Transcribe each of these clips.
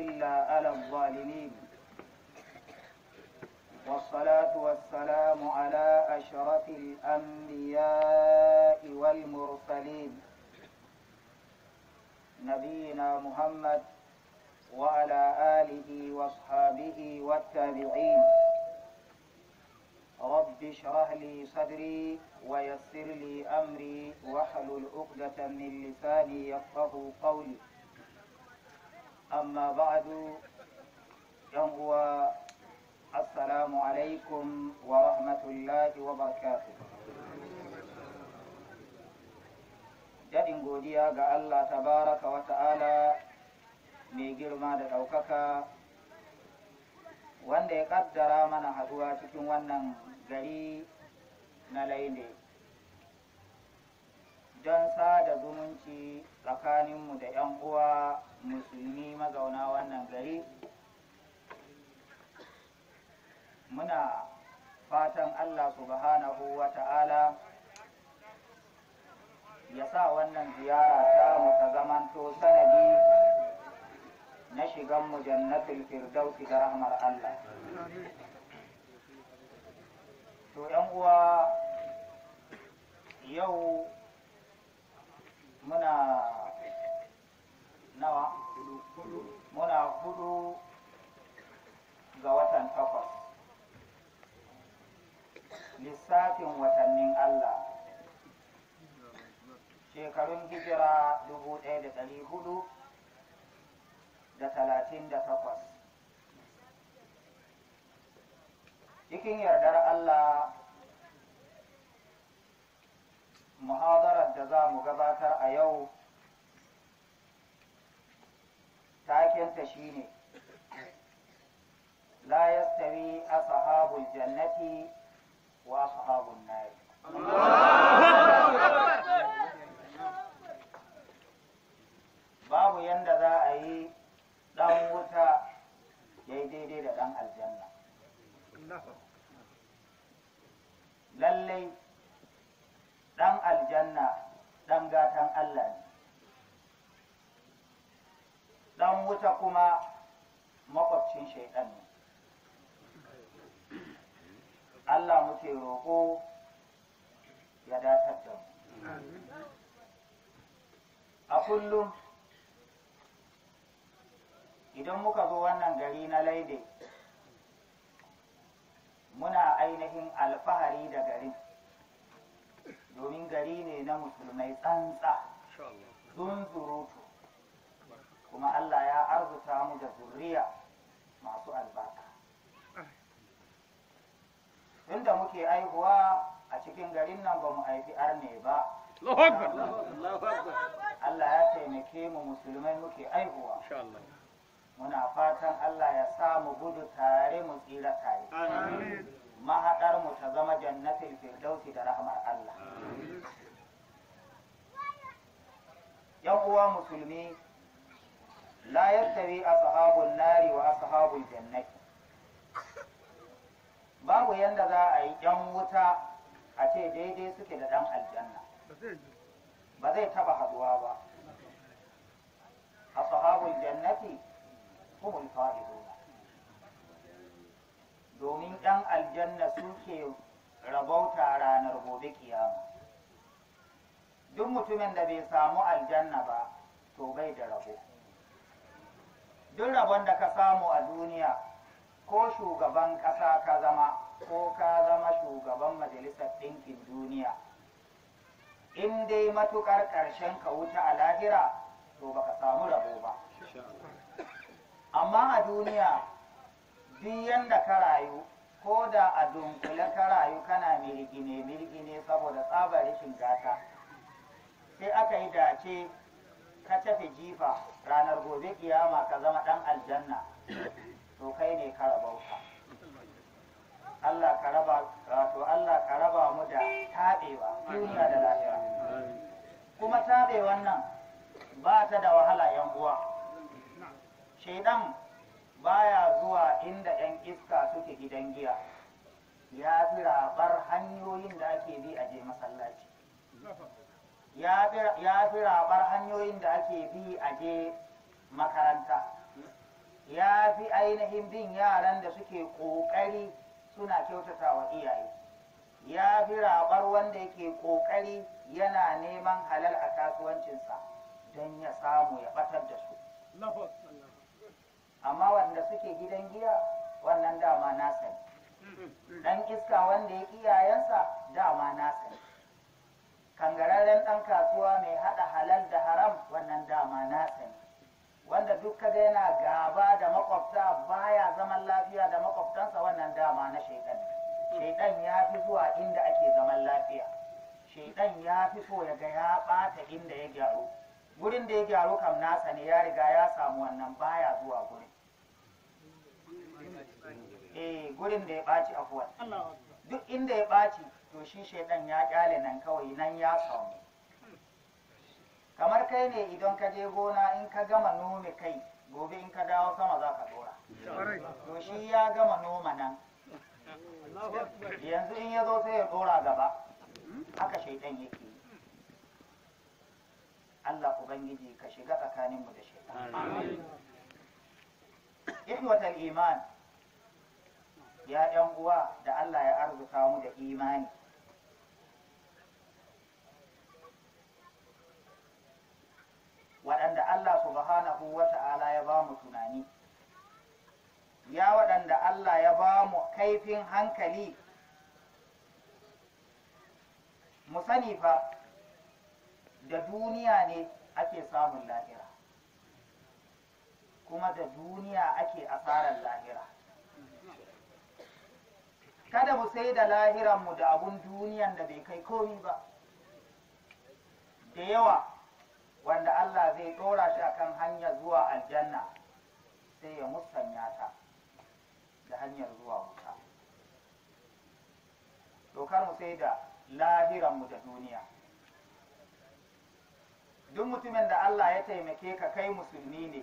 إلا على الظالمين والصلاة والسلام على أشرف الأنبياء والمرسلين نبينا محمد وعلى آله وأصحابه والتابعين رب اشرح لي صدري ويسر لي أمري واحلل عقدة من لساني يفقه قولي amma بعد yan uwa assalamu alaikum wa rahmatullahi wa daɗin godiya ga Allah tabaraka wa ta'ala mai girma da ɗaukaka wanda ya ƙaddara mana haɗuwa cikin wannan gari na laine don sada zumunci tsakaninmu da 'yan uwa musulmi mazauna wannan gari muna fatan allah subhanahu wa ta'ala ya sa wannan ziyara ta mu ta zamanto sanadi na shigan na jannatul firdausi da rahmar allah to 'yan uwa yau muna nawa muna hudu ga watan takwas lissafin watannin Allah shekarun hijira dubu ɗaya da ɗari hudu da talatin da takwas cikin yardar Allah muhadarar da za mu gabatar a yau shi shine la a sahabun jannati wa sahabun nari babu yadda za a yi dan wuta ya yi daidai da dan aljanna lallai wuta kuma makwabcin shaidan ne Allah muke roƙo ya datar da mu a kullum idan muka zo wannan gari na laide muna ainihin alfahari da garin domin gari ne na musulmai tsantsa sun surutu kuma Allah ya arzuta mu da zuriya masu albarka inda muke aihuwa a cikin garin nan ba mu haifi arne ba Allah ya taimake mu musulmai muke aihuwa muna fatan Allah ya sa mu gudu tare mu tsira tare mahaɗar mu ta zama jannatin firdausi da rahmar Allah yan uwa musulmi la a ashabun nari wa ashabul jannati babu yanda za a yi yan wuta a ce daidai suke da dan aljanna ba zai taba haduwa ba sahabun jannati humul fa'iduna domin yan aljanna suke rabauta ranar gobe kiyama duk mutumin da bai samu aljanna ba to bai da rabo duk rabon da ka samu a duniya ko shugaban ƙasa ka zama ko ka zama shugaban majalisar ɗinkin duniya in dai matuƙar ƙarshen ka wuce a lahira to baka samu rabo ba amma a duniya biyan da ka rayu ko da a dunkule ka rayu kana mirgine mirgine saboda tsabar rashin sai aka yi dace ka tafi jifa ranar gobe kiyama ka zama ɗan aljanna to kai ne ka rabauta Allah ka raba wato Allah ka raba mu da taɓewa duniya da lafiya kuma taɓewan wannan ba ta da wahala yan uwa shaidan baya zuwa inda yan iska suke gidan giya ya fi rabar hanyoyin da ake bi a je masallaci ya fi rabar hanyoyin da ake bi a je makaranta ya fi ainihin bin yaran da suke ƙoƙari suna wa iyaye ya fi rabar wanda yake ƙoƙari yana neman halal a kasuwancinsa don ya samu ya batar da su amma wanda suke gidan giya wannan dama na sani mm. dan iska wanda ya iyayensa dama na sani kangararren ɗan kasuwa mai haɗa halal da haram wannan dama na sani wanda duk kaga yana gaba da makwabta baya zaman lafiya da makwabtansa wannan dama na shaidan shaidan ya fi zuwa inda ake zaman lafiya shaidan ya fi so ya ga ya ɓata inda ya gyaru gurin da ya gyaru kam nasa ne ya riga ya samu wannan baya zuwa gurin eh gurin da ya ɓaci afuwa duk inda ya ɓaci to shi shaidan ya kyale nan kawai nan ya samu kamar kai ne idan ka je gona in ka gama nome kai gobe in ka dawo sama za ka dora to shi ya gama noma nan yanzu in ya zo sai ya dora gaba haka shaidan yake Allah Ubangiji ka shiga tsakaninmu da shaidan. iman ya ‘yan uwa da Allah ya arzuta mu da imani. waɗanda Allah subhanahu wa ta'ala ya ba mu tunani ya waɗanda Allah ya ba mu kaifin hankali mu sani fa da duniya ne ake samun lahira kuma da duniya ake asarar lahira kada mu sai da lahiranmu da abun duniyan da bai kai komi ba da yawa wanda Allah zai ɗora shi kan hanyar zuwa aljanna sai ya musanya ta da hanyar zuwa wuta dokar mu sai da mu da duniya duk mutumin da Allah ya taimake ka kai musulmi ne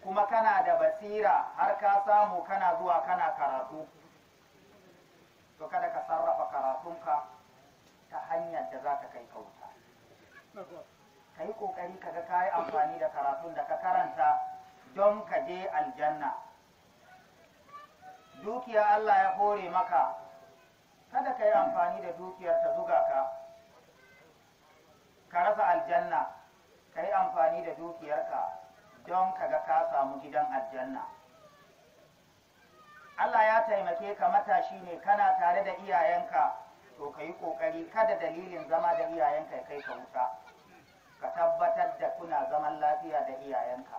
kuma kana da basira har ka samu kana zuwa kana karatu to kada ka sarrafa karatunka ta hanyar da za ka kai ka wuta ka yi ƙoƙari ka ga ka yi amfani da karatun da ka karanta don ka je aljanna dukiya Allah ya hore maka kada ka yi amfani da dukiyar ta zuga ka ka rasa aljanna ka yi amfani da dukiyarka don ka ga ka samu gidan aljanna Allah ya taimake ka matashi ne kana tare da iyayenka to ka yi ƙoƙari kada dalilin zama da iyayenka ya kai ka wuta. ka tabbatar da kuna zaman lafiya da iyayenka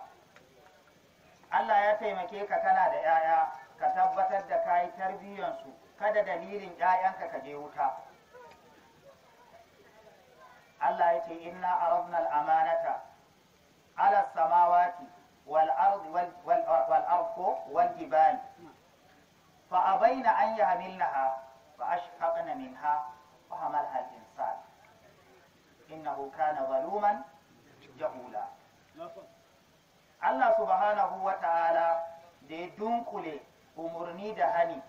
Allah ya taimake ka kana da 'ya'ya ka tabbatar da kayi tarbiyyansu kada dalilin 'ya'yanka ka je wuta Allah ya ce inna aradna al-amanata ala samawati wal ardi wal arko wal jibal fa abaina an yahmilnaha fa ashfaqna minha wa hamalha innahu kana zaluman jahula Allah subhanahu wa ta'ala da ya dunkule umarni da hani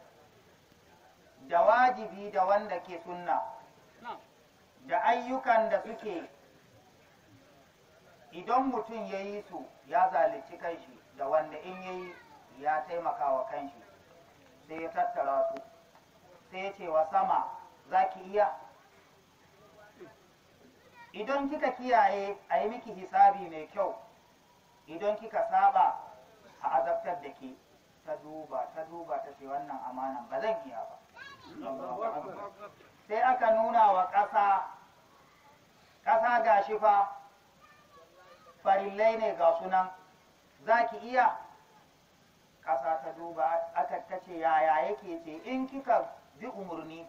da wajibi da wanda ke sunna da ayyukan da suke idan mutum ya yi su ya zalunci shi da wanda in ya yi ya taimaka wa kanshi sai ya tattara su sai ya ce sama zaki iya idan kika kiyaye a yi miki hisabi mai kyau idan kika saba a azabtar da ke ta duba ta duba ta ce wannan amanan ba zan iya ba sai aka nuna wa ƙasa ƙasa ga shi fa farillai ne ga sunan za ki iya ƙasa ta duba aka ta ce yaya yake ce in kika bi umarni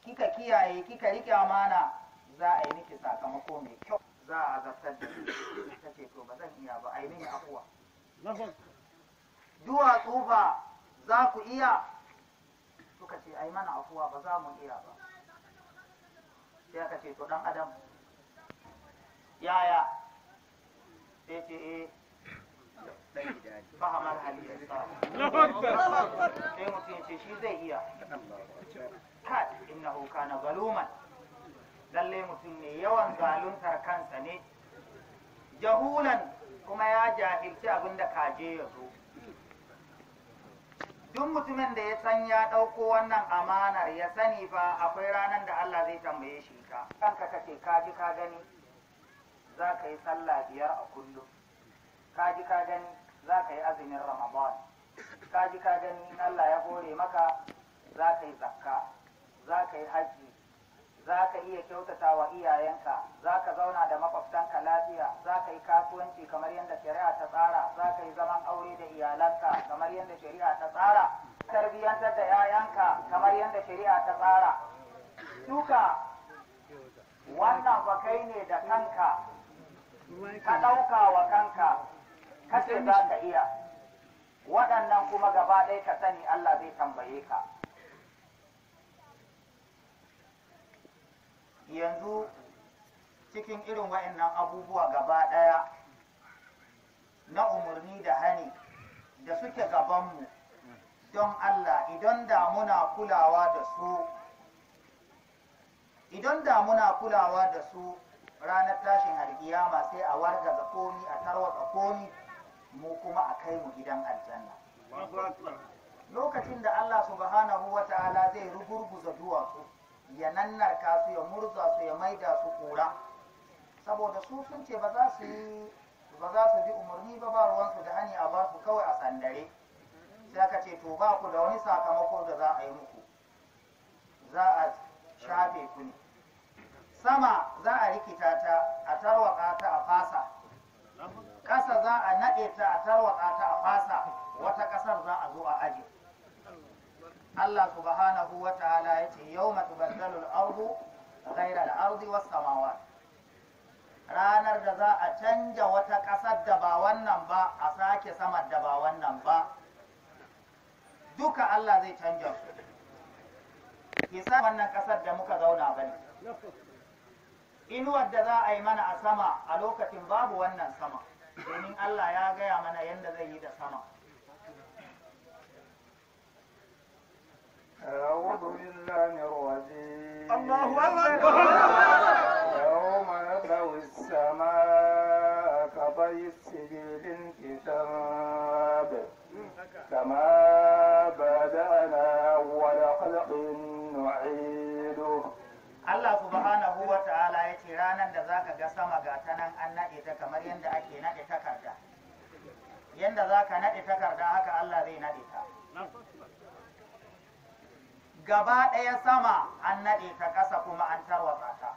kika kiyaye kika riƙe amana za a yi miki sakamako mai kyau za a zartar da shi ta ce to ba zan iya ba a yi mini afuwa duwatsu tsufa za ku iya suka ce a yi mana afuwa ba za mu iya ba sai aka ce to dan adam yaya sai ce eh fahamar halittar sa sai mutum ce shi zai iya kat innahu hukana baluman? lalle mutum ne yawan zaluntar kansa ne jahulan kuma ya jahilci abin da kaje ya zo duk mutumin da ya san ya ɗauko wannan amanar ya sani fa akwai ranar da Allah zai tambaye shi ta kanka kake kaji ka gani za ka yi sallah biyar a kullum kaji ka gani za ka yi azumin ramadan kaji ka gani Allah ya hore maka za ka yi zakka za ka yi haji. za ka iya kyautata wa iyayenka za ka zauna da makwabtanka lafiya za ka yi kasuwanci kamar yadda shari'a ta tsara za ka yi zaman aure da iyalanka kamar yadda shari'a ta tsara tarbiyyantar da 'ya'yanka kamar yadda shari'a ta tsara duka wannan fa kai ne da kanka ka ɗauka wa kanka kace za ka iya waɗannan kuma gaba ɗaya ka sani Allah zai tambaye ka yanzu cikin irin wa'annan abubuwa gaba ɗaya na umarni da hani da suke gabanmu don Allah idan da muna kulawa da su idan da muna kulawa da su ranar tashin alkiyama sai a warga wargaza komi a tarwatsa komi mu kuma a kai mu gidan aljanna lokacin da Allah subhanahu wa ta'ala zai rugurguza duwatsu ya nannarka su ya murza su ya maida su kura saboda su sun ce ba za su ji bi umarni ba ba ruwansu da hani a ba su kawai a sandare sai aka ce to ba ku da wani sakamako da za a yi muku za a shafe ku ne sama za a rikita ta a tarwaka ta a fasa ƙasa za a naɗe ta a tarwaka ta a fasa wata ƙasar za a zo a aji Allah subhanahu wa ta'ala ya ce yau matubaddalu al'ardu ghaira al'ardi was samawa ranar da za a canja wata ƙasar da ba wannan ba a sake samar da ba wannan ba duka Allah zai canja su sa wannan ƙasar da muka zauna ba ne. inuwar da za a yi mana a sama a lokacin babu wannan sama domin Allah ya gaya mana yadda zai yi da sama أعوذ بالله الرجيم الله أكبر يوم نطوي السماء كطي السجل الكتاب كما بدأنا أول خلق نعيده Allah subhanahu wa ta'ala ya ce ranar da zaka ga sama ga ta nan an naɗe ta kamar yadda ake naɗe takarda yadda zaka naɗe takarda haka Allah zai naɗe ta gaba ɗaya sama an naɗe ta ƙasa kuma an tarwatsa ta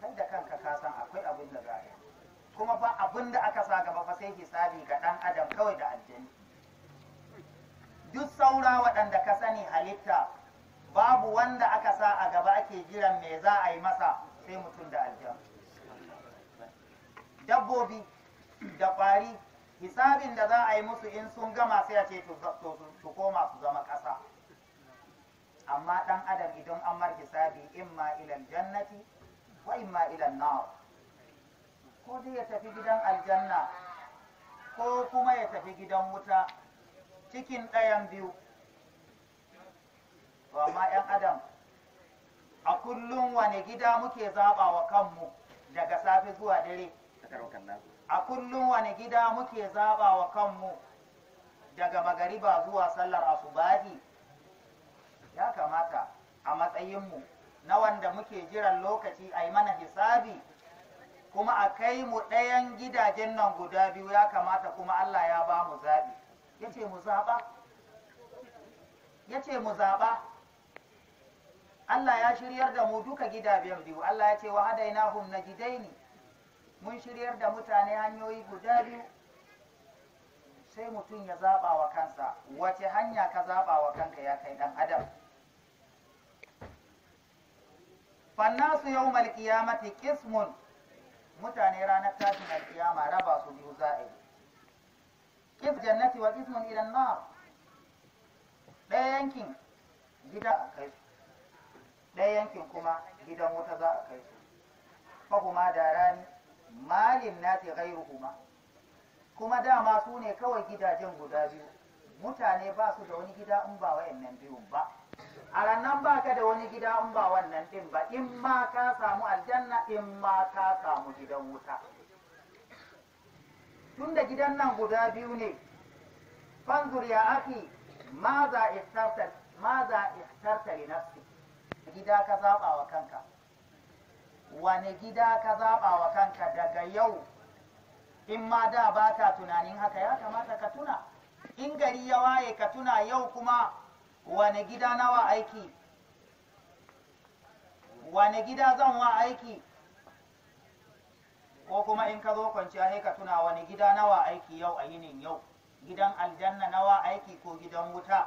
kai da kanka ka san akwai abin da za a yi kuma ba abin da aka sa gaba fa sai hisabi ga ɗan adam kawai da aljani duk saura waɗanda ka sani halitta babu wanda aka sa a gaba ake jiran me za a yi masa sai mutum da aljan dabbobi da ƙwari hisabin da za a yi musu in sun gama sai a ce to imma ila jannati wa imma ila nar ko dai ya tafi gidan aljanna ko kuma ya tafi gidan wuta cikin ɗayan biyu ba ma 'yan adam a kullum wani gida muke zaɓa wa kanmu daga safe zuwa dare a kullum wani gida muke zaɓa wa kanmu daga magariba zuwa sallar asubahi ya kamata a matsayinmu na wanda muke jiran lokaci a yi mana hisabi kuma a kai mu ɗayan gidajen nan guda biyu ya kamata kuma Allah ya ba mu zaɓi ya ce mu zaɓa ya ce mu zaɓa Allah ya shiryar da mu duka gidajen biyu Allah ya ce wa hadainahum najidaini mun shiryar da mutane hanyoyi guda biyu sai mutum ya zaɓa wa kansa wace hanya ka zaɓa wa kanka ya kai ɗan adam fannasu yau malkiyamati kismun mutane ranar tashin alkiyama raba su biyu yi kis jannati wa kismun idan na ɗaya yankin gida a kai su ɗaya yankin kuma gidan wuta za a kai su fahuma da rani malin nati ghairuhuma kuma dama su ne kawai gidajen guda biyu mutane ba su da wani gida in ba wa'annan biyun ba a ranar ba ka da wani gida in ba wannan din ba in ma ka samu aljanna in ma ka samu gidan wuta tun da gidan nan guda biyu ne fanzur ya aki maza istarta maza istarta nafsi gida ka zaba wa kanka wani gida ka zaba wa kanka daga yau in ma da ba ka tunanin haka ya kamata ka tuna in gari ya waye ka tuna yau kuma wane gida nawa aiki wane gida zan wa aiki ko kuma in ka zo kwanciya sai ka tuna wani gida nawa aiki yau a yinin yau gidan aljanna nawa aiki ko gidan wuta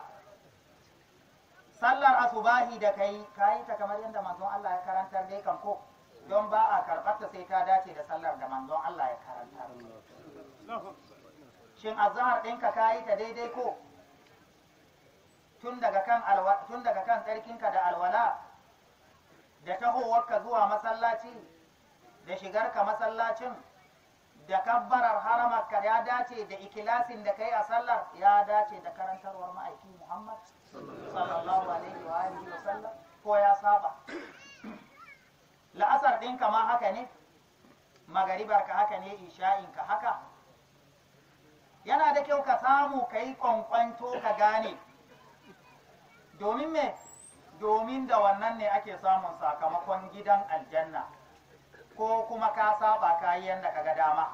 sallar asubahi da kai kayi ta kamar yadda manzon Allah ya karantar dai kan ko don ba a karɓarta sai ta dace da sallar da manzon Allah ya karantar shin azhar ɗinka kayi ta daidai ko tun daga kan alwa tsarkinka da alwala da tahowarka zuwa masallaci da shigarka masallacin da kabbarar haramarka ya dace da ikilasin da kai a sallar ya dace da karantarwar ma'aiki Muhammad sallallahu alaihi wa alihi wa sallam ko ya saba la'asar ɗinka ma haka ne magaribarka haka ne isha'inka haka yana da kyau ka samu ka yi kwankwanto ka gane domin me domin da wannan ne ake samun sakamakon gidan aljanna ko kuma ka saba ka yi yadda ka ga dama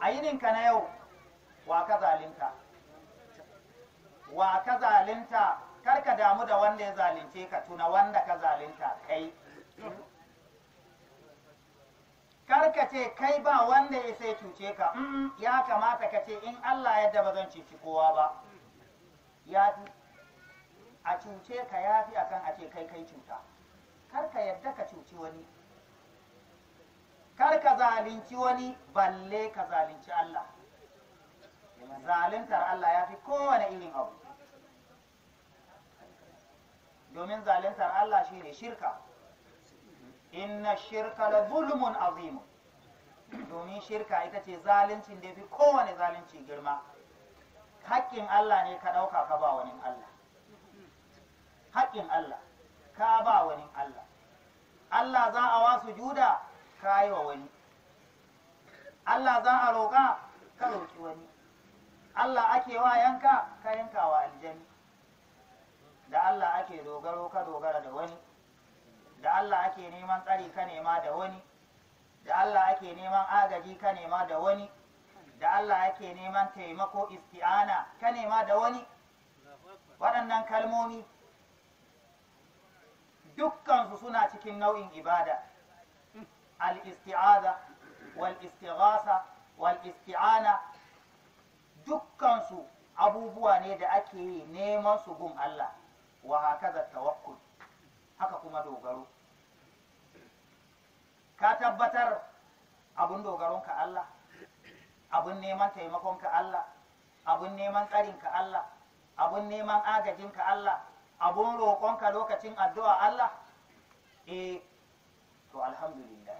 a yininka na yau wa ka zalinta wa ka zalinta kar ka damu da wanda ya zalince ka tuna wanda ka zalinta kai kar ka ce kai ba wanda ya sai cuce ka mm, ya kamata ka ce in allah yadda ba zan cuci kowa ba ya a cuce ka ya fi akan a ce kai kai cuta kar ka yadda ka cuci wani kar ka zalunci wani balle ka zalunci Allah zaluntar Allah ya fi kowane irin abu domin zaluntar Allah shi ne shirka inna shirka la zulmun azimu domin shirka ita ce zaluncin da fi kowane zalunci girma haƙƙin Allah ne ka ɗauka ka ba wani Allah haƙƙin Allah ka ba wani Allah Allah za a wasu juda ka yi wa wani Allah za a roƙa ka roƙi wani Allah ake wa yanka ka yanka wa aljani da Allah ake dogaro ka dogara da wani da Allah ake neman tsari ka nema da wani da Allah ake neman agaji ka nema da wani da Allah ake neman taimako isti'ana ka nema da wani waɗannan kalmomi dukkansu suna cikin nau'in ibada al-isti'aza wal istighasa wal isti'ana dukkansu abubuwa ne da ake yi neman su gun Allah wa hakaza tawakkul haka kuma dogaro ka tabbatar abun dogaronka Allah abun neman taimakonka Allah abun neman tsarinka Allah abun neman agajinka Allah abun roƙonka lokacin addu'a Allah e to alhamdulillah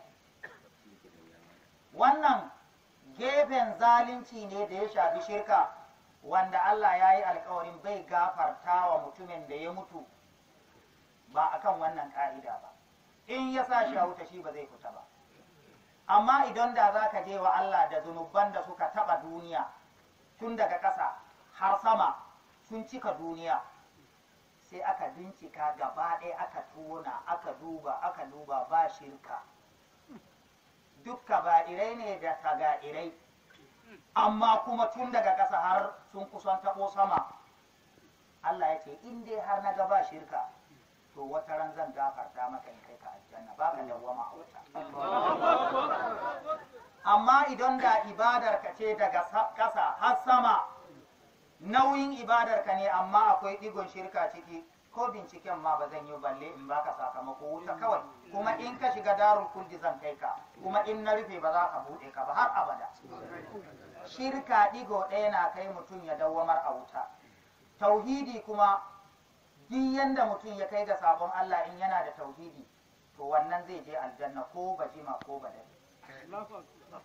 wannan gefen zalunci ne da ya shafi shirka wanda Allah ya yi alkawarin bai gafarta wa mutumin da ya mutu ba a kan wannan ƙa'ida ba in ya sa shi wuta shi ba zai fita ba amma idan da za ka je wa Allah da zunubban da suka taɓa duniya tun daga ƙasa har sama sun cika duniya sai aka bincika gaba ɗaya aka tona aka duba aka duba ba shirka dukka bairai ne da saga'irai amma kuma tun daga ƙasa har sun kusan taɓo sama Allah ya ce in dai har na ga ba shirka to wata ran zan gafarta maka in kai ka aljanna ba ka dawwama a amma idan da ibadar ka ce daga ƙasa har sama nauyin ibadarka ne amma akwai digon shirka ciki ko binciken ma ba zan yi balle in baka sakamako wuta kawai kuma in ka shiga darul kulli zan kai ka kuma in na rufe ba za ka bude ka ba har abada shirka digo ɗaya na kai mutum ya dawwamar a wuta tauhidi kuma duk yanda mutum ya kai ga sabon Allah in yana da tauhidi to wannan zai je aljanna ko bajima ko badal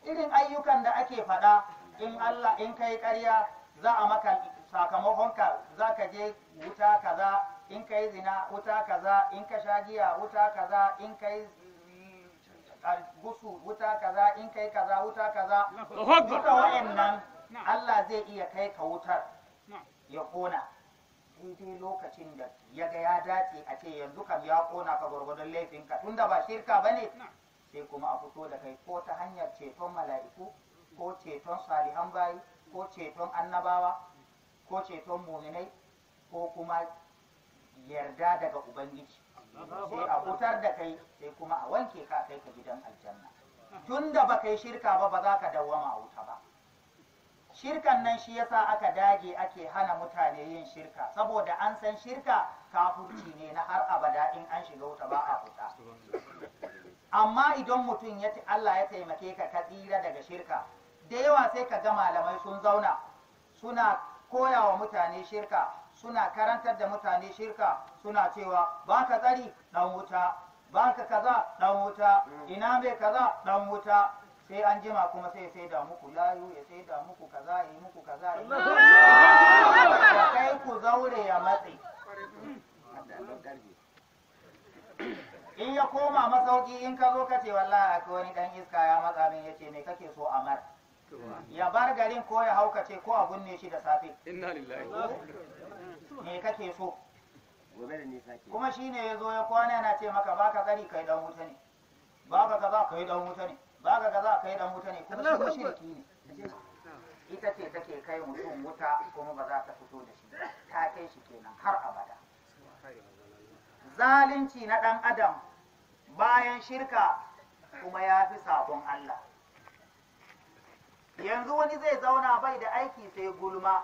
irin ayyukan da ake faɗa in Allah in kai ƙarya za a maka sakamakonka za ka je wuta kaza in ka yi zina wuta kaza in ka sha giya wuta kaza in ka yi gusu wuta kaza in ka yi kaza wuta kaza duka nan Allah zai iya kai ka wutar ya kona daidai lokacin da ya ga ya dace a ce yanzu kam ya kona ka gwargwadon laifinka tunda ba shirka ba ne sai kuma a fito da kai ko ta hanyar ceton mala'iku ko ceton salihan bayi ko ceton annabawa ko ceton muminai ko kuma yarda daga ubangiji sai a hutar da kai sai kuma a wanke ka kai ka gidan aljanna tun da ba kai shirka ba ba za ka dawwama wuta ba shirkan nan shi yasa aka dage ake hana mutane yin shirka saboda an san shirka kafurci ne na har abada in an shiga wuta ba a amma idan mutum ya Allah ya taimake ka ka tsira daga shirka da yawa sai ka ga malamai sun zauna suna koya wa mutane shirka suna karantar da mutane shirka suna cewa ba ka tsari dan wuta ba ka kaza dan wuta ina mai kaza dan wuta sai an jima kuma sai sai da muku layu ya sai da muku kaza ya muku kaza ya kai ku zaure ya matse in ya koma masauki in ka zo ka ce wallahi akwai wani dan iska ya matsa min yace me kake so amar ya bar garin ko ya haukace ko a binne shi da safe inna lillahi me kake so gobe da nisa ke kuma shine yazo ya kwana yana ce maka baka gari kai dan wuta ne baka za kai dan wuta ne baka za kai dan wuta ne kuma shi shirki ne ita ce take kai mutum wuta kuma ba za ta fito da shi ta kai shi kenan har abada zalunci na dan adam bayan shirka kuma ya fi sabon Allah yanzu wani zai zauna bai da aiki sai gulma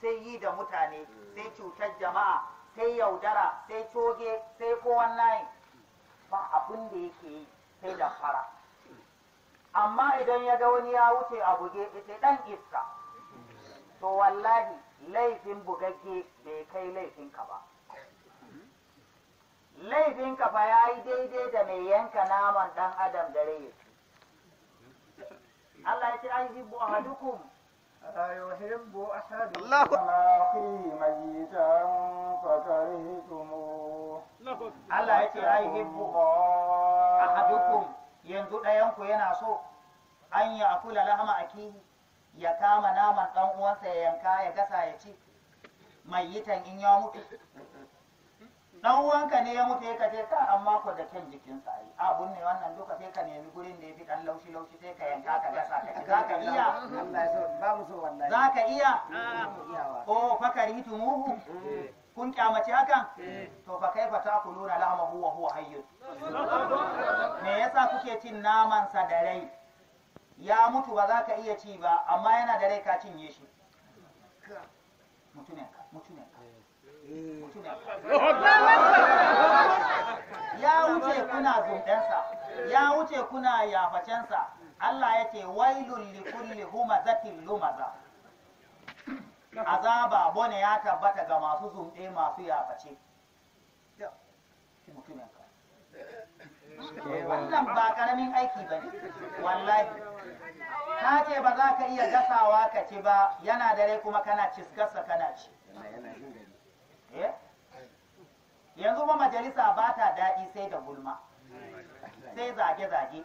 sai yi da mutane sai cutar jama'a sai yaudara sai coge sai kowan layin ba abin da yake yi sai da fara amma idan ya ga wani ya wuce a buge ita dan iska to wallahi laifin bugagge bai kai laifinka ba laifinka fa ya yi daidai da mai yanka naman dan adam da rai Allah ya ce an yi أيحب a الله أخيه Allah ya ce ai hibbu ahadukum yanzu ɗayanku yana so an yi akula lahama a kihi ya kama naman ɗan uwansa ya yanka ya gasa ya ci mai yitan in ya mutu dan uwanka ne ya mutu ya kace ka amma ko da kyan jikinsa ai abun ne wannan duka sai ka nemi gurin da yafi dan laushi laushi sai ka yanka ka gasa ka ci zaka iya Allah ya so ba mu so wallahi zaka iya ko fakari tumuhu eh. kun kyamace haka eh. to fa kaifa ta'kuluna lahmahu wa huwa hayyun me yasa kuke cin naman sa da rai ya mutu ba za ka iya ci ba amma yana da rai ka cinye shi mutune ka mutune ka mutumin ka eh. kuna zunɗensa ya wuce kuna yafacensa Allah ya ce wailun li kulli humazatin lumaza azaba bone ya tabbata ga masu zunɗe masu yaface wannan ba karamin aiki ba ne wallahi ka ce ba za ka iya gasawa ka ci ba yana dare kuma kana ciskarsa kana ci eh? yanzu ba majalisa ba ta daɗi sai da gulma sai zage-zage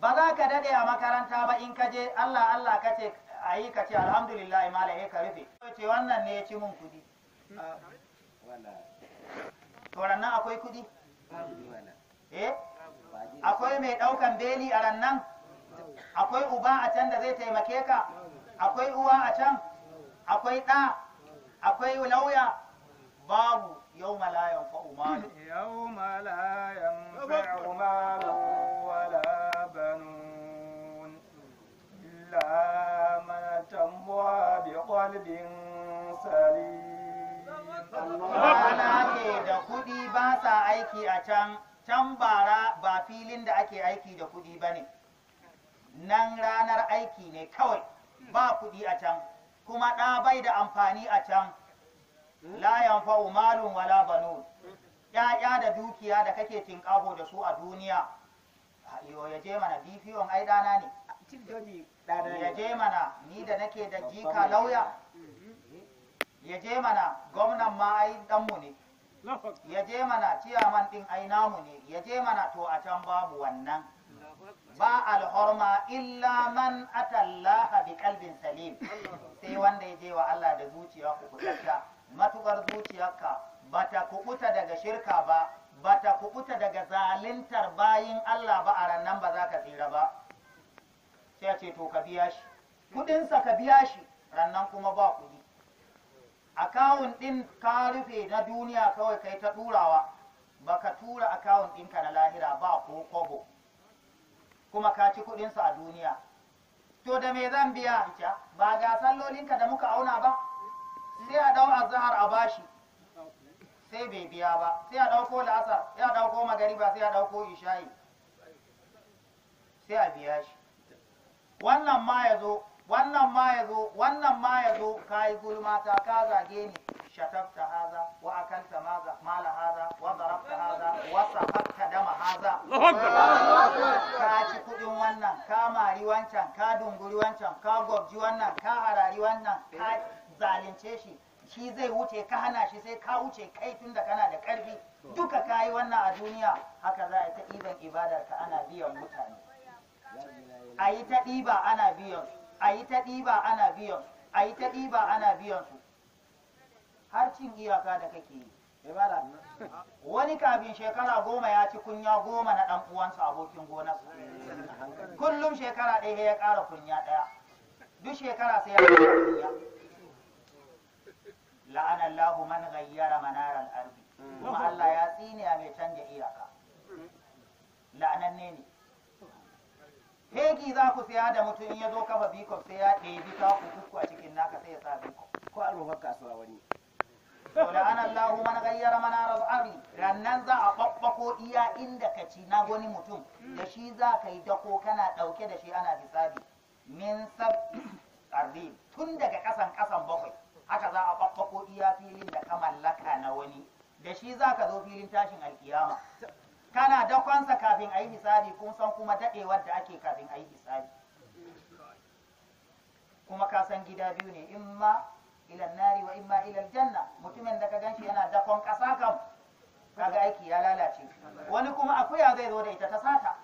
ba za ka daɗe a makaranta ba in ka je allah allah ka ce a yi ka ce alhamdulillah ya ka rufe ce wannan ne ya ci mun kudi to rannan akwai kudi eh akwai mai ɗaukan beli a rannan akwai uba a can da zai taimake ka akwai uwa a can akwai ɗa akwai lauya babu يوم لا ينفع مال يوم لا ينفع مال ولا بنون إلا من تموى بقلب سليم Rana ke da kuɗi ba sa aiki a can, can bara ba filin da ake aiki da kuɗi ba ne, nan ranar aiki ne kawai ba kuɗi a can, kuma ɗa bai da amfani a can, la yanfa'u malun wala banun ƴaƴa da dukiya da kake tinƙaho da su a duniya yo ya je mana bifiyon ai ɗana ne ya je mana ni da nake da jika lauya ya je mana gwamnan ma ai mu ne ya je mana ciyaman ɗin ai namu ne ya je mana to a can babu wannan ba alhorma illa man atallaha bi kalbin salim sai wanda ya je wa Allah da zuciya ku kubutacca matukar zuciyarka ba ta kubuta daga shirka ba ba ta kubuta daga zalintar bayin Allah ba a rannan ba za ka tsira ba sai ce to ka biya shi Kuɗinsa ka biya shi rannan kuma ba kudi akawun ɗin ka rufe na duniya kawai kai ta turawa ba ka tura akawun ɗinka na lahira ba ko kobo kuma ka ci kuɗinsa a duniya to da me zan biya ba ga sallolinka da muka auna ba sai a dau azhar a bashi sai bai biya ba sai a dauko la'asar sai a dauko magariba sai a dauko isha'i sai a biya shi wannan ma ya zo wannan ma ya zo wannan ma ya zo ka yi gulma ta ka zage ni shatafta haza wa akalta maza mala haza wa zarafta haza wa sahakta dama haza ka ci kudin wannan ka mari wancan ka dunguri wancan ka gwabji wannan ka harari wannan zalunce shi shi zai wuce ka hana shi sai ka wuce kai tun da kana da karfi duka ka yi wannan a duniya haka za a ta ɗiban ibadar ka ana biyan mutane a yi ta ɗiba ana biyan su a yi ta ɗiba ana biyan su a yi ta ɗiba ana biyan su har cin iyaka da kake yi eh, wani kafin shekara goma ya ci kunya goma na ɗan uwansa abokin gonarsa kullum shekara ɗaya ya ƙara kunya ɗaya duk shekara sai ya ƙara kunya la'ana Allahu man ghayyara manaral ardi mm. kuma Allah ya tsine a mai canja iyaka la'ananne ne heki za ku siya da mutum ya zo kafa bikof sai ya ɗebi ta ku kuku a cikin naka sai ya sa bikof. Ko a kasuwa wani. Sola an Allahu man gayyara manarar ardi rannan za a ɓaɓɓako iya inda ka ci na wani mutum da shi za ka yi dako kana ɗauke da shi ana hisabi min sab ardi tun daga ƙasan ƙasan bakwai. haka za a ɓaɓɓako iya filin da ka mallaka na wani da shi za ka zo filin tashin alkiyama kana dakonsa kafin a yi hisabi kun san kuma daɗewar da ake kafin a yi hisabi kuma ka san gida biyu ne in ma ilan nari wa in ma ilal janna mutumin da ka gan shi yana dakon ƙasa kam kaga aiki ya lalace wani kuma akuya zai zo da ita ta sata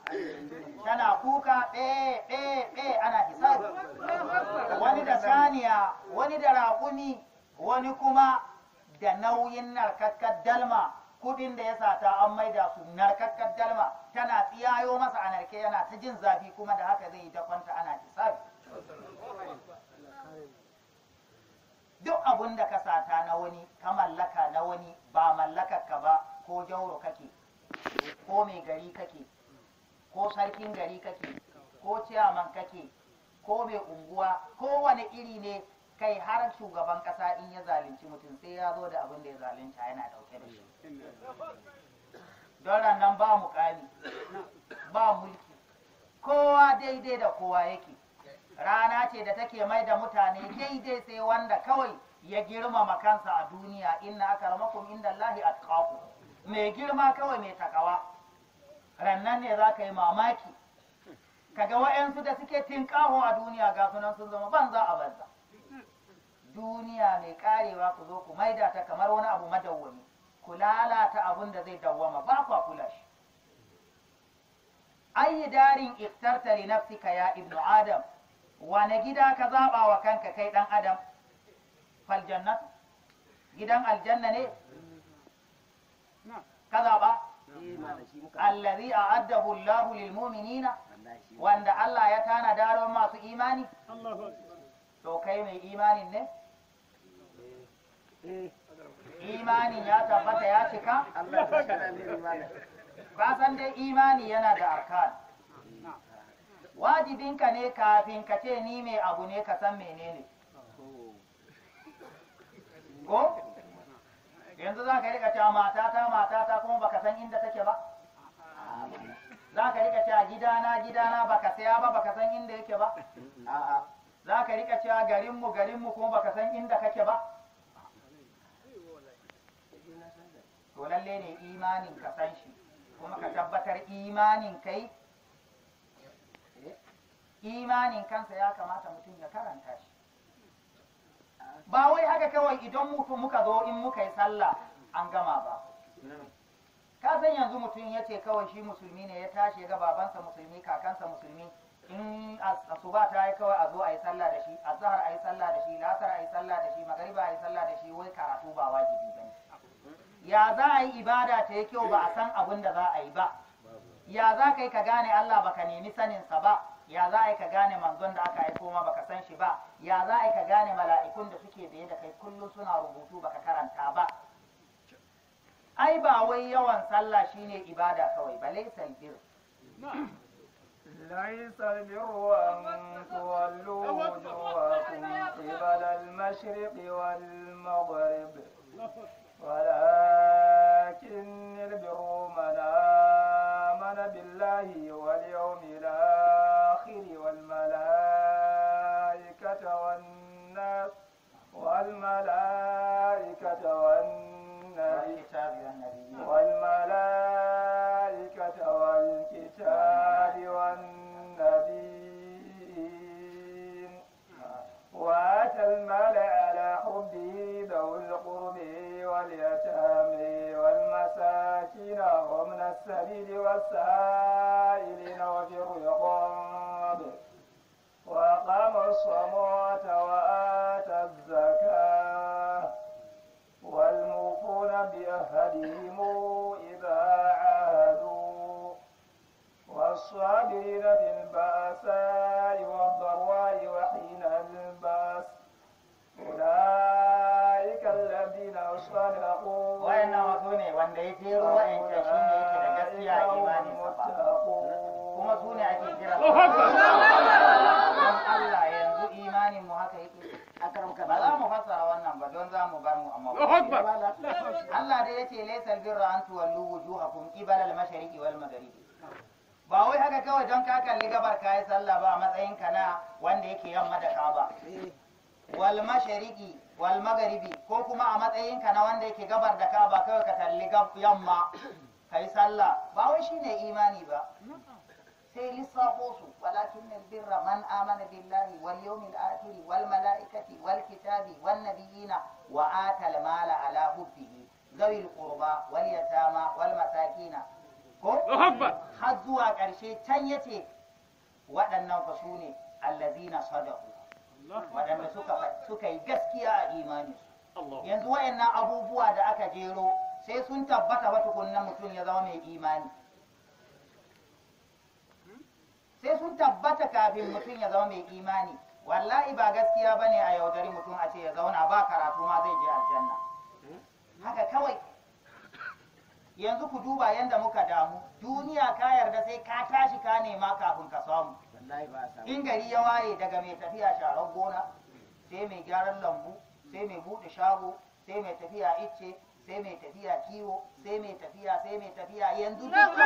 tana kuka ɓe, ɓe, ɓe, ana hisabi wani da saniya wani da raƙumi wani kuma da nauyin narkakkar dalma kudin da ya sata an maida su narkakkar dalma tana tsiyayo masa a narke yana ta jin zafi kuma da haka zai yi dakwanta ana hisabi duk abun da ka sata na wani ka mallaka na wani ba mallakar ka ba ko jauro kake ko mai gari kake ko sarkin gari kake ko ciyaman kake ko mai unguwa ko kowane iri ne kai har shugaban kasa in ya zalunci mutum sai ya zo da abin da ya zalunta yana dauke da shi don nan ba mukami ba mulki kowa daidai da kowa yake rana ce da take mai da mutane daidai sai wanda kawai ya girmama kansa a duniya inna akramakum indallahi atqakum mai girma kawai mai takawa rannan ne za ka yi mamaki kaga wa'yansu da suke tinkaho a duniya ga sunan sun zama banza a banza duniya mai karewa ku zo ku maida ta kamar wani abu madawwami ku lalata abun da zai dawwama ba kwa kula shi ayi darin iktarta li nafsika ya ibnu adam wane gida ka zaba wa kanka kai dan adam fal jannatu gidan aljanna ne kaza ba allazi a'addahu Allahu lil mu'minina wanda Allah ya tana daron masu imani to kai mai imanin ne imanin ya tabbata ya cika Ba san dai imani yana da arkan wajibinka ne kafin ka ce ni mai abu ne ka san menene ko yanzu za ka rika cewa matata matata kuma baka san inda take ba za ka rika cewa gidana gidana baka saya ba baka san inda yake ba za ka rika cewa garinmu garinmu kuma baka san inda kake ba to lalle ne imanin ka san shi kuma ka tabbatar imanin kai eh, imanin kansa ya kamata mutum ya karanta shi ba wai haka kawai idan mutum muka zo in muka yi sallah an gama ba ka san yanzu mutum ya ce kawai shi musulmi ne ya tashi ga babansa musulmi kakansa musulmi in asuba ta yi kawai a zo a yi sallah da shi azhar a yi sallah da shi lasar a yi sallah da shi magariba a yi sallah da shi wai karatu ba wajibi ba ya za a yi ibada ta yi kyau ba a san abin da za a yi ba ya za ka ka gane Allah baka nemi saninsa ba ya za a yi ka gane manzon da aka aiko ma baka san shi ba ya za a yi ka gane mala'ikun da suke biye da kai kullum suna rubutu baka karanta ba ai ba wai yawan sallah shine ibada kawai ba laysal bir ليس البر أن تولوا وجوهكم قبل المشرق والمغرب ولكن البر من آمن بالله والملائكة والكتاب والملائكة والكتاب والنبيين وآتى المال على حبه ذوي القرب واليتامى والمساكين ومن السبيل والسائلين وفي الرقاب وأقام الصلاة وآتى الزكاة والموفون بأهدهم إذا عاهدوا والصابرين في البأساء والضراء وحين البأس أولئك الذين صدقوا وإن وسوني وإن يجير وإن تشين يجير قصي إيماني سبا كما Allah yanzu imanin mu haka yake ka ba za mu fassara wannan ba don za mu bar mu amma Allah dai yace laysal birra an tuwallu wujuhakum qibala al-mashriqi wal maghribi ba wai haka kawai don ka kalli gabar kayi sallah ba a matsayin ka na wanda yake yamma da kaba wal mashariqi wal magharibi ko kuma a matsayin ka na wanda yake gabar da kaba kawai ka kalli yamma kai sallah ba wai shine imani ba sai lissafo su walakin birra man amana billahi wal yawmil akhir wal malaikati wal kitabi wan nabiyina wa atal mala ala hubbihi zawil qurba wal yatama wal masakina ko har zuwa karshe can yace waɗannan fa su ne allazina sadaku waɗanda suka suka yi gaskiya a imani yanzu waɗannan abubuwa da aka jero sai sun tabbata ba tukunna mutum ya zama mai imani sai sun tabbata kafin mutum ya zama mai imani wallahi ba gaskiya ba ne a yaudari mutum a ce ya zauna ba karatu ma zai je aljanna haka kawai yanzu ku duba yadda muka damu duniya ka yarda sai ka tashi ka nema kafin ka samu in gari ya waye daga mai tafiya sharar gona sai mai gyaran lambu sai mai buɗe shago sai mai tafiya icce sai mai tafiya kiwo sai mai tafiya sai mai tafiya yanzu duk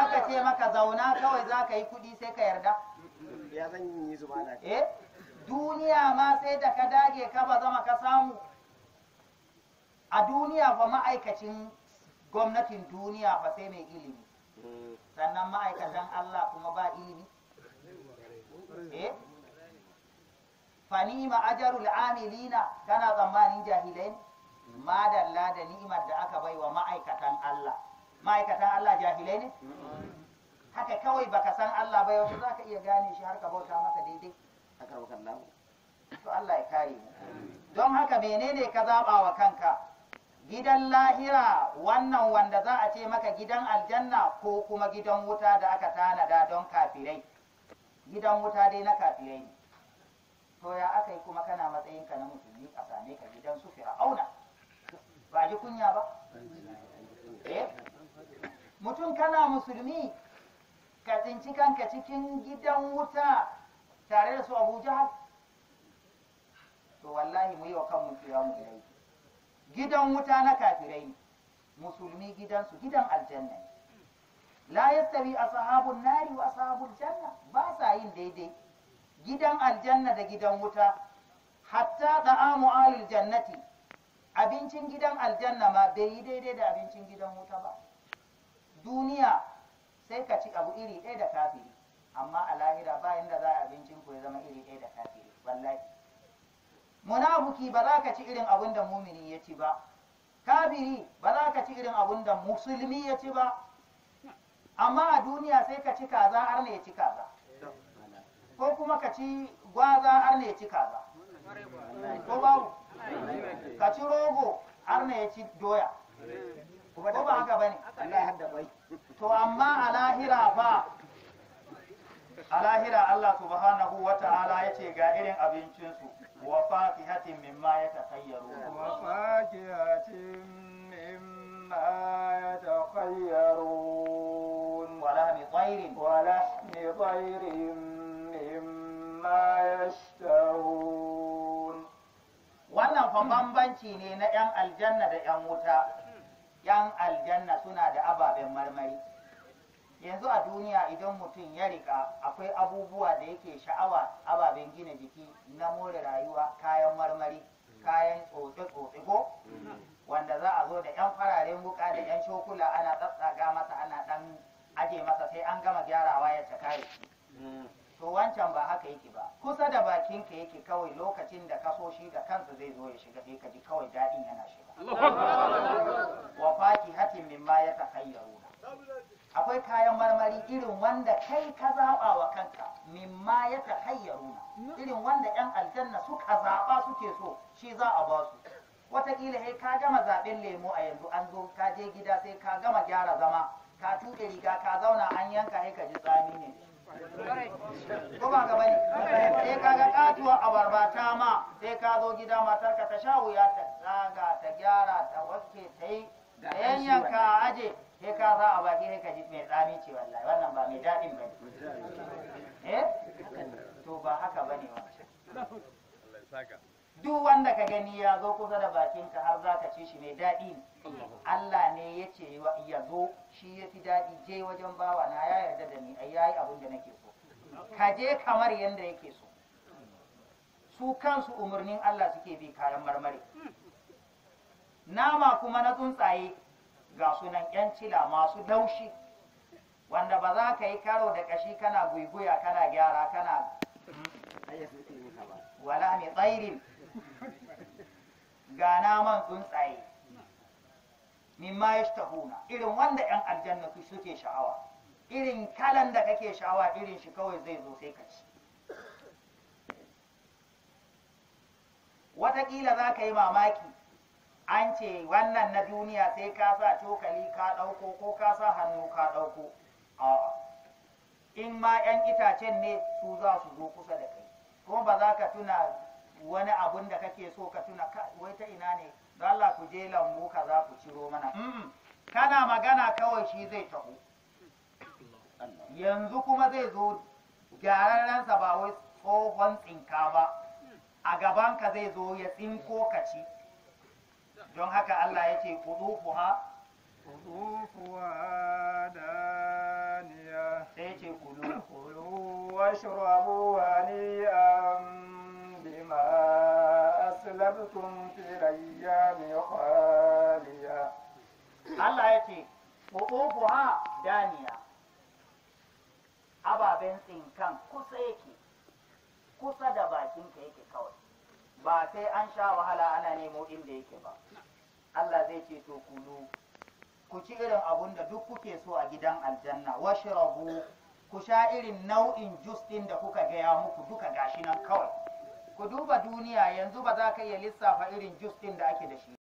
aka ce maka zauna kawai za ka yi kuɗi sai ka yarda ya zan yi eh? duniya ma sai da ka dage ka ba zama ka samu a duniya fa ma'aikacin gwamnatin duniya fa sai mai ilimi mm. sannan ma'aikatan Allah kuma ba ilimi eh? fanima ajarul amilina kana tsammanin jahilai madalla da ni'imar da aka bai wa ma'aikatan Allah ma'aikatan Allah jahilai ne haka kawai baka san Allah ba yau za ka iya gane shi har ka bauta masa daidai a karbakan lamu to Allah ya kare mu don haka menene ka zaba wa kanka gidan lahira wannan wanda za a ce maka gidan aljanna ko kuma gidan wuta da aka tanada don kafirai gidan wuta dai na kafirai ne to ya aka yi kuma kana matsayinka na musulmi a same ka gidan su fir'auna ba ji kunya ba eh mutum kana musulmi ka tsinci kanka cikin gidan wuta tare da su abu jihar to wallahi mu yi wa kanmu kiramu ilai gidan wuta na kafirai ne musulmi gidansu gidan aljanna ne la yastawi ashabun nari wa ashabul janna ba sa yin daidai gidan aljanna da gidan wuta hatta amu alil jannati abincin gidan aljanna ma bai yi daidai da abincin gidan wuta ba duniya sai ka ci abu iri ɗaya da kafiri amma a lahira ba inda za a abincin ku ya zama iri ɗaya da kafiri wallahi munafuki ba za ka ci irin abin da mumini ya ci ba kafiri ba za ka ci irin abin da musulmi ya ci ba amma a duniya sai ka ci kaza har ne ya ci kaza ko kuma ka ci gwaza har ne ya ci kaza ko babu ka ci rogo har na ya ci doya ko ba haka bane Allah ya hadda bai to amma a lahira fa a lahira Allah subhanahu wa ta'ala ya ce ga irin abincinsu wa fakihatin mimma ya takayyaru wa fakihatin mimma ya takayyaru wa lahmi tayrin wa lahmi tayrin mimma yashtahun wannan fa bambanci ne na 'yan aljanna da 'yan wuta 'yan aljanna suna da ababen marmari yanzu a duniya idan mutum ya rika akwai abubuwa da yake sha'awa ababen gina jiki na more rayuwa kayan marmari kayan tsotse-tsotse ko wanda za a zo da 'yan fararen wuka da 'yan shokula ana tsatsaga masa ana dan aje masa sai an gama gyarawa ya cakare to wancan ba haka yake ba kusa da bakinka yake kawai lokacin da ka shi da kansa zai zo ya shiga sai ka ji kawai daɗin yana shiga wa faki hatin min ma ya takayyaru akwai kayan marmari irin wanda kai ka zaɓa wa kanka min ma ya takayyaru irin wanda yan aljanna suka zaɓa suke so shi za a ba su wataƙila sai ka gama zaɓen lemo a yanzu an zo ka je gida sai ka gama gyara zama ka tuɗe riga ka zauna an yanka sai ka ji tsami ne ko ba ka bane sai ka ga katuwa abarba ta ma sai ka zo gida matarka ta sha wuya ta zaga ta gyara ta wanke ta yi da yanyanka a aje sai ka sa a baki sai ka ji mai tsami ce wallahi wannan ba mai daɗin ba ne eh to ba haka bane ba duk wanda ka gani ya zo kusa da bakinka har zaka ci shi mai daɗi Allah ne ya ce ya zo shi ya fi daɗi je wajen bawa na ya yarda da ni a yayi abin da nake so ka je kamar yadda yake so su kansu umarnin Allah suke bi kayan marmari nama kuma na tsuntsaye ga sunan yan cila masu laushi wanda ba za ka yi karo da kashi kana guiguya kana gyara kana hmm, wala mai tsairin ga naman tsuntsaye mimma yashtahuna irin wanda yan aljanna suke sha'awa irin kalan da kake sha'awa irin shi kawai zai zo sai ka ci watakila za ka yi mamaki an ce wannan na duniya sai ka sa cokali ka ɗauko ko ka sa hannu ka ɗauko a'a in ma 'yan itacen ne su za su zo kusa da kai kuma ba za ka tuna wani abun da kake so ka tuna wai ta ina ne don Allah ku je lambu ka za ku ciro mana kana magana kawai shi zai taho yanzu kuma zai zo gyararrensa ba wai tsohon tsinka ba a gabanka zai zo ya tsinko ka ci don haka Allah ya ce kudufuha kudufuha daniya sai ce kudu kudu washrabu hani'an بما أسلفتم في الأيام خالية الله يتي وقوفها دانية ababen tsinkan kusa yake kusa da bakinka yake kawai ba sai an sha wahala ana nemo inda yake ba Allah zai ce to ku ci irin abun da duk kuke so a gidan aljanna washrabu ku sha irin nau'in jus ɗin da kuka gaya muku duka gashi nan kawai ku duba duniya yanzu ba za ka iya lissafa irin jus ɗin da ake da shi